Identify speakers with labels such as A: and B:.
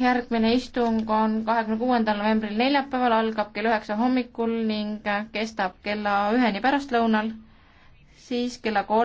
A: järgmine istung on kahekümne kuuendal novembril neljapäeval, algab kell üheksa hommikul ning kestab kella üheni pärastlõunal, siis kella kolm